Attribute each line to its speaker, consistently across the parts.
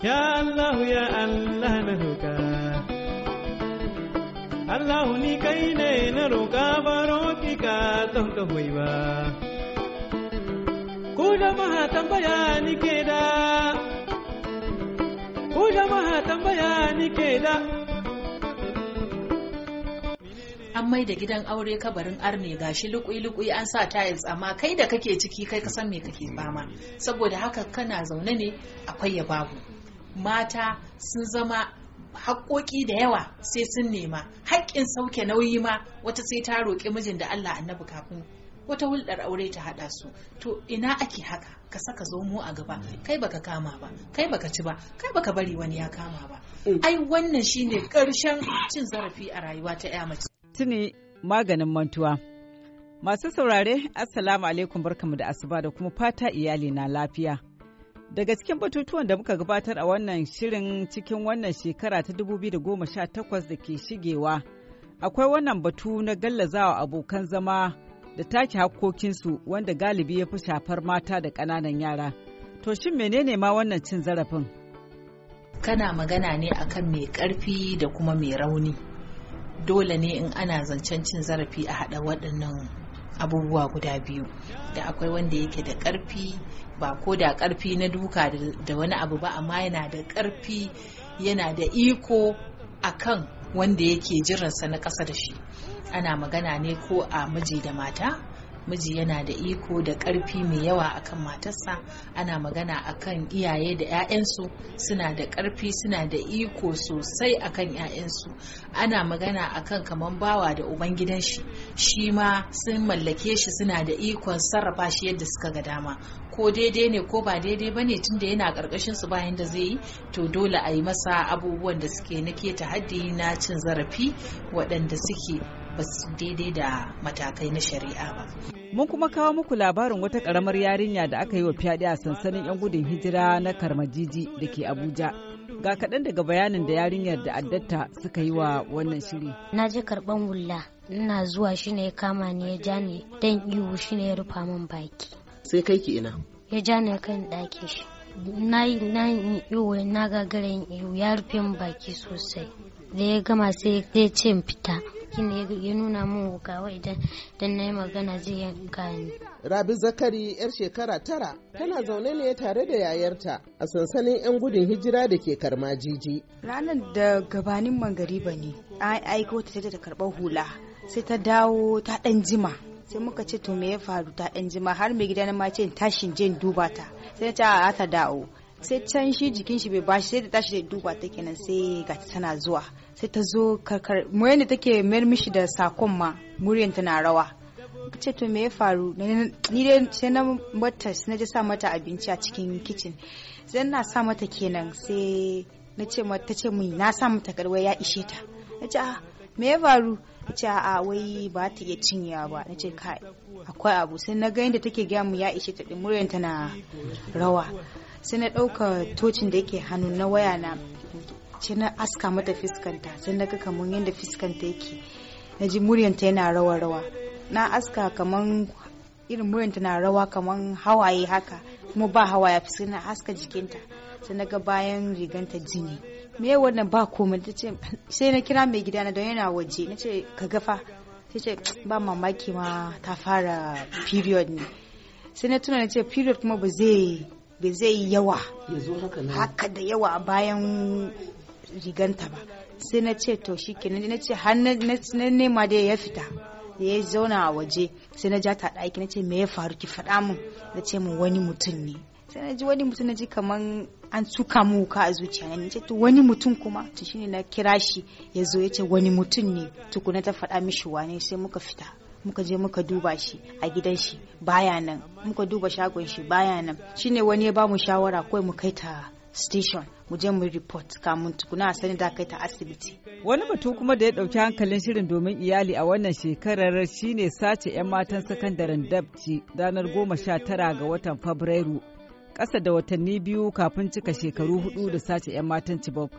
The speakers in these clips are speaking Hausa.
Speaker 1: Ya Allah ya Allah na roƙa Allah ni kai ne na roƙa baro ki ka don ka hoyi ba
Speaker 2: Ku jama'a tambaya ni ke da
Speaker 3: Ku jama'a tambaya ni ke da An mai da gidan aure kabarin arne gashi lukui-lukui an sa tiles amma kai da kake ciki kai kasan me kake fama saboda haka kana zaune ne akwai ya babu mata sun zama haƙoƙi da yawa sai sun nema haƙƙin sauke nauyi ma wata sai ta roƙi mijin da Allah annabi kafin wata hulɗar aure ta haɗa su to ina ake haka ka saka zomo a gaba kai baka kama ba kai baka ci ba kai baka bari wani ya kama ba mm. ai wannan shine ƙarshen cin zarafi a rayuwa ta
Speaker 2: ƴa mace tuni maganin mantuwa masu saurare assalamu alaikum barkamu da asuba da kuma fata iyali na lafiya Daga cikin batutuwan da muka gabatar a wannan shirin cikin wannan shekara ta 2018 da ke shigewa, akwai wannan batu na gallazawa abokan zama da take hakkokinsu wanda galibi ya fi shafar mata da ƙananan yara. To shin menene ma wannan cin zarafin?
Speaker 3: Kana magana ne akan mai ƙarfi da kuma mai rauni. Dole ne in ana zancen cin zarafi a haɗa waɗannan abubuwa guda biyu da akwai wanda yake da karfi ba ko da karfi na duka da wani abu ba amma yana da karfi yana da iko a kan wanda yake jiransa na ƙasa da shi ana magana ne ko a miji da mata miji yana da iko da ƙarfi mai yawa akan matarsa ana magana akan iyaye da 'ya'yansu suna da ƙarfi suna da iko sosai akan 'ya'yansu ana magana akan kamar bawa da ubangidan shi shi ma sun mallake shi suna da ikon sarrafa shi yadda suka ga dama ko daidai ne ko ba daidai ba ne tunda yana ƙarƙashin su bayan da zai yi to dole a yi masa abubuwan da suke na ta haddi na cin zarafi waɗanda suke ba su daidai da matakai na shari'a ba.
Speaker 2: Mun kuma kawo muku labarin wata karamar yarinya da aka yi wa fyaɗe a sansanin 'yan gudun hijira na Karmajiji da ke Abuja. Ga kaɗan daga bayanin da yarinyar da addatta suka yi wa wannan shiri. Na je
Speaker 4: karɓan wulla, ina zuwa shi ne ya kama ni ya ja ni dan ihu shi ne ya rufa min baki. Sai kai ki ina? Ya ja ni kan ɗaki shi. na yi na iyo na gagarin yin ya rufe min baki sosai da ya gama sai ya ce fita shi ne ya nuna min kawai idan dan na yi magana zai yi ni. Rabi Zakari yar shekara tara tana zaune ne tare da yayarta
Speaker 2: a sansanin 'yan gudun hijira
Speaker 4: da ke karma jiji. Ranar da gabanin mangariba ne an aiko ta ta karɓar hula sai ta dawo ta ɗan jima sai muka ce to me ya faru ta ɗan jima har mai na ma ce tashin jin duba ta sai ta a ta dawo sai can shi jikin shi bai bashi sai da tashi da duba ta kenan sai ga tana zuwa sai ta zo karkar muryar da take mayar mishi da sakon ma muryar tana rawa ce to me ya faru ni dai sai na mata na ji sa mata abinci a cikin kicin sai na sa mata kenan sai na ce mata ta ce mun na sa mata garwa ya ishe ta na ce ah, me ya faru na ce a wai ba ta iya cinyewa ba na ce kai akwai abu sai na ga yadda take gaya mu ya ishe ta din muryar tana rawa sai na ɗauka tocin da yake hannu na waya na ce na aska mata fiskanta sai na ga kamar yadda fiskanta yake na ji muryanta yana rawa rawa na aska kamar irin muryanta na rawa kamar hawaye haka kuma ba hawaye fi na aska jikinta sai na ga bayan riganta jini me wannan ba komai ta ce sai na kira mai gida na don yana waje na ce ka gafa sai ce ba mamaki ma ta fara period ne sai na tuna na ce period kuma ba zai ba zai yi yawa haka da yawa bayan riganta ba sai na ce to shi kenan na ce har na nema da ya fita da ya zauna a waje sai na ja ta ɗaki na ce me ya faru ki faɗa min na ce min wani mutum ne sai na ji wani mutum na ji kaman an suka mu wuka a zuciya na ce to wani mutum kuma to shine na kira shi ya zo ya ce wani mutum ne tukuna ta faɗa mishi wane sai muka fita muka je muka duba shi a gidan shi baya nan muka duba shagon shi baya nan shine wani ya bamu shawara kawai mu kai ta station mu je mu report kamun tukuna a sani da kai ta asibiti. Wani batu kuma da ya dauki hankalin shirin
Speaker 2: domin iyali a wannan shekarar shine sace 'yan matan sakandaren dabci ranar goma sha tara ga watan Fabrairu. Ƙasa da watanni biyu kafin cika shekaru hudu da sace 'yan matan Chibok.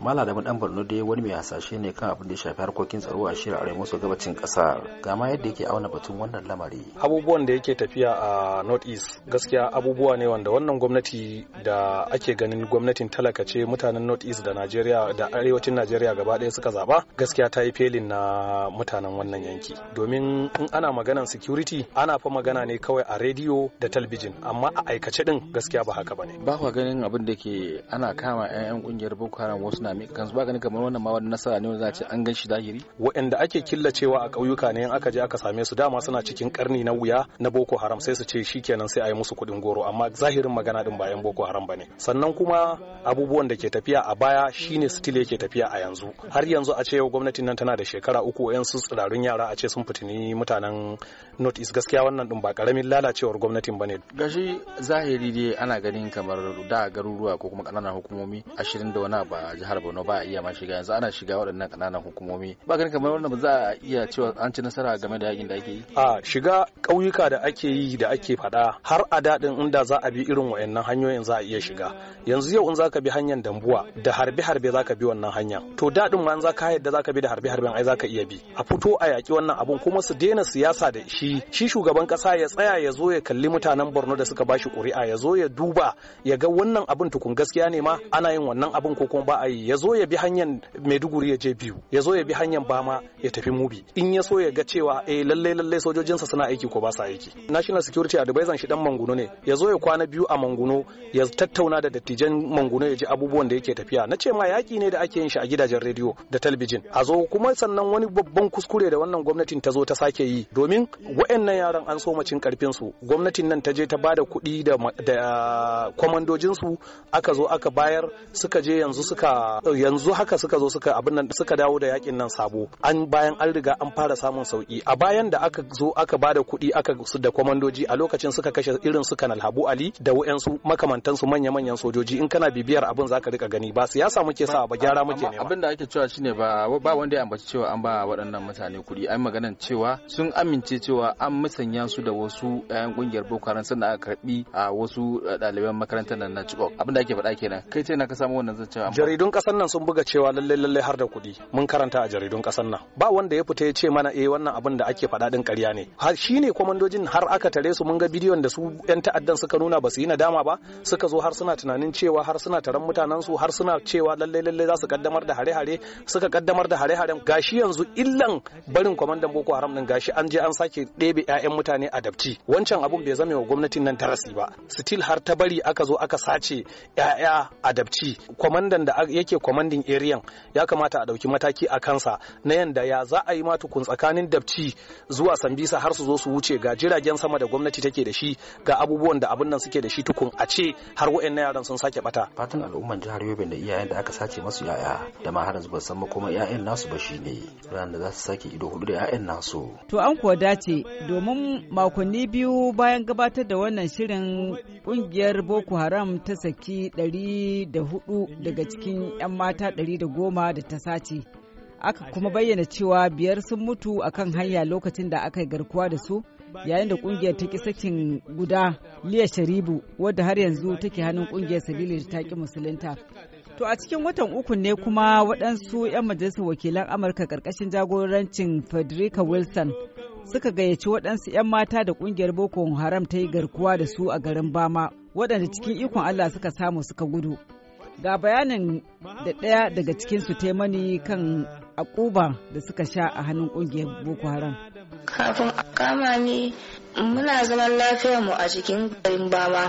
Speaker 1: Malamin dan Borno dai wani mai hasashe ne kan abin da ya shafi harkokin tsaro a shirin arewa maso gabacin kasa Ga ma yadda yake auna batun wannan lamari. Abubuwan da yake tafiya a North East gaskiya abubuwa ne wanda wannan gwamnati da ake ganin gwamnatin talaka ce mutanen North East da Najeriya da arewacin Najeriya gaba ɗaya suka zaba gaskiya ta yi felin na mutanen wannan yanki. Domin in ana maganan security ana fa magana ne kawai a rediyo da talbijin amma a aikace din gaskiya ba haka bane. Ba ganin abin da ke ana kama 'yan kungiyar Boko Haram wasu same kansu ba gani kamar wannan ma wani nasara ne wanda ce an gan shi zahiri waɗanda ake killacewa a ƙauyuka ne in aka je aka same su dama suna cikin karni na wuya na boko haram sai su ce kenan sai a yi musu kuɗin goro amma zahirin magana din bayan boko haram bane sannan kuma abubuwan da ke tafiya a baya shine still yake tafiya a yanzu har yanzu a ce yau gwamnatin nan tana da shekara uku yan su tsirarun yara a ce sun fitini mutanen north east gaskiya wannan din ba karamin lalacewar gwamnatin bane gashi zahiri dai ana ganin kamar da garuruwa ko kuma ƙananan hukumomi ashirin da wani ba jihar borno ba a iya ma shiga yanzu ana shiga waɗannan ƙananan hukumomi ba ganin kamar wannan ba za a iya cewa an ci nasara game da yakin da ake yi a shiga ƙauyuka da ake yi da ake faɗa har a daɗin inda za a bi irin wayannan hanyoyin za a iya shiga yanzu yau in za ka bi hanyar dambuwa da harbe harbe za ka bi wannan hanya to daɗin ma in za ka yadda za ka bi da harbe harben ai za ka iya bi a fito a yaƙi wannan abun kuma su daina siyasa da shi shi shugaban ƙasa ya tsaya ya zo ya kalli mutanen borno da suka bashi ƙuri'a ya zo ya duba ya ga wannan abun tukun gaskiya ne ma ana yin wannan abun ko kuma ba a yi ya zo ya bi hanyar maiduguri ya je biyu ya zo ya bi hanyar bama ya tafi mubi in ya so ya ga cewa eh lalle lalle sojojinsa suna aiki ko ba sa aiki national security advisor shi dan manguno ne ya zo ya kwana biyu a manguno ya tattauna da dattijan manguno ya ji abubuwan da yake tafiya na ce ma yaki ne da ake yin shi a gidajen rediyo da talbijin a zo kuma sannan wani babban kuskure da wannan gwamnatin ta zo ta sake yi domin waɗannan yaran an so macin karfin su gwamnatin nan ta je ta bada kuɗi da ah, kwamandojinsu aka zo aka bayar suka je yanzu suka yanzu haka suka zo suka abin nan suka dawo da yakin nan sabo an bayan an riga an fara samun sauki a bayan da aka zo aka bada kuɗi aka su da kwamandoji a lokacin suka kashe irin su kanal habu ali da wayansu makamantansu manya-manyan sojoji in kana bibiyar abin zaka rika gani ba siyasa muke sa ba gyara muke ne abin da ake cewa shine ba ba wanda ya ambaci cewa an ba waɗannan mutane kuɗi ai maganan cewa sun amince cewa an musanya su da wasu ƴan kungiyar boko haram sannan aka karbi a wasu ɗaliban makarantar nan na Chibok abin da ake faɗa kenan kai ce na ka samu wannan zancen jaridun kasan nan sun buga cewa lalle lalle har da kuɗi mun karanta a jaridun kasar nan ba wanda ya fita ya ce mana eh wannan abin da ake faɗa din ƙarya ne har shine komandojin har aka tare su mun ga bidiyon da su yan ta'addan suka nuna ba su yi nadama ba suka zo har suna tunanin cewa har suna taron mutanen su har suna cewa lalle lalle za su kaddamar da hare-hare suka kaddamar da hare-haren gashi yanzu illan barin kwamandan Boko Haram din gashi an je an sake ɗebe ƴaƴan mutane a dabci wancan abun bai zame wa gwamnatin nan darasi ba still har ta bari aka zo aka sace 'ya'ya a dabci kwamandan da yake yake commanding area ya kamata a dauki mataki a kansa na yanda ya za a yi ma tukun tsakanin dabci zuwa sambisa har su zo su wuce ga jiragen sama da gwamnati take da shi ga abubuwan da abun nan suke da shi tukun a ce har na yaran sun sake bata fatan al'umman jihar Yobe da iyayen da aka sace masu yaya da ma har yanzu ban san kuma yayan nasu ba ne ran da za su sake ido hudu da yayan nasu
Speaker 2: to an kuwa dace domin makonni biyu bayan gabatar da wannan shirin kungiyar Boko Haram ta saki 104 daga cikin 'yan mata ɗari da goma da ta sace. Aka kuma bayyana cewa biyar sun mutu a kan hanya lokacin da aka yi garkuwa da su yayin da kungiyar ta sakin guda Liya Sharibu wadda har yanzu take hannun kungiyar sabili da ki musulunta. To a cikin watan uku ne kuma waɗansu 'yan majalisar wakilan Amurka ƙarƙashin jagorancin Federica Wilson suka gayyaci waɗansu 'yan mata da ƙungiyar Boko Haram ta yi garkuwa da su a garin Bama waɗanda cikin ikon Allah suka samu suka gudu. Ga bayanin da ɗaya daga cikinsu taimani kan akuba da suka
Speaker 5: sha a hannun ƙungiyar Boko Haram. Kafin a kama ni muna zaman lafiyar mu a cikin garin bama.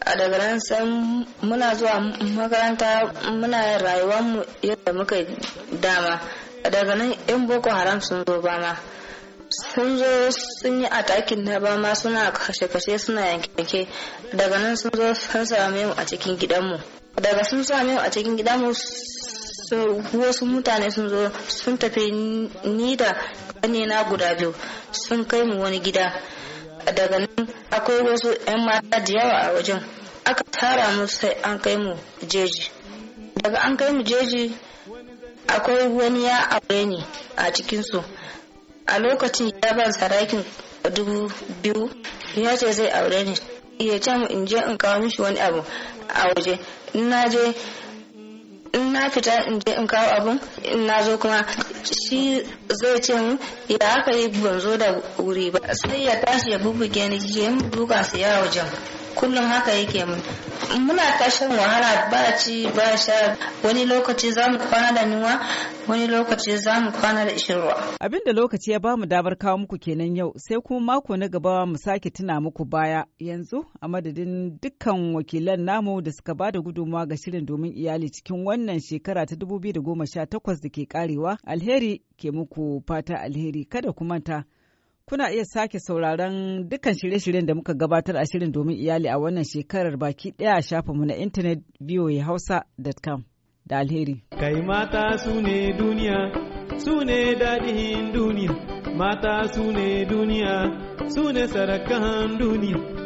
Speaker 5: a daga nan sai muna zuwa makaranta muna yin rayuwar mu yadda muka dama a daga nan yan boko haram sun zo bama sun zo sun yi atakin na bama suna kashe-kashe suna yanke-yanke daga nan sun zo sun same mu a cikin gidanmu daga sun same a cikin gida mu wasu mutane sun zo sun tafi ni da ƙanina guda biyu sun kai mu wani gida daga nan akwai wasu 'yan mata da yawa a wajen aka tara mu sai an kai mu jeji daga an kai mu jeji akwai wani ya aure ni a cikinsu a lokacin ya ban sarakin dubu biyu ya ce zai aure ni iya ce mu in je in kawo mishi wani abu a waje in na je in na fita in je in kawo abun in na zo kuma shi zai ce mu ya aka yi ban zo da wuri ba sai ya tashi ya bubuge ni je mu duka su ya wajen kullum haka yake mun muna tashin wahala ba ci ba sha wani lokaci za mu kwana da nuwa wani lokaci za mu kwana da ishin
Speaker 2: ruwa. Abin da lokaci ya bamu damar kawo muku kenan yau sai kuma mako na gaba mu sake tuna muku baya yanzu a madadin dukkan wakilan namu da suka bada gudunmawa ga shirin domin iyali cikin wannan shekara ta 2018 da ke karewa alheri ke muku fata alheri kada kuma manta. Kuna iya sake sauraron dukkan shirye-shiryen da muka gabatar a shirin domin iyali a wannan shekarar baki ɗaya a shafinmu na intanet voahausa.com. da alheri. Kai mata su ne duniya, su ne daɗin duniya, mata su ne duniya, su ne sarakan duniya.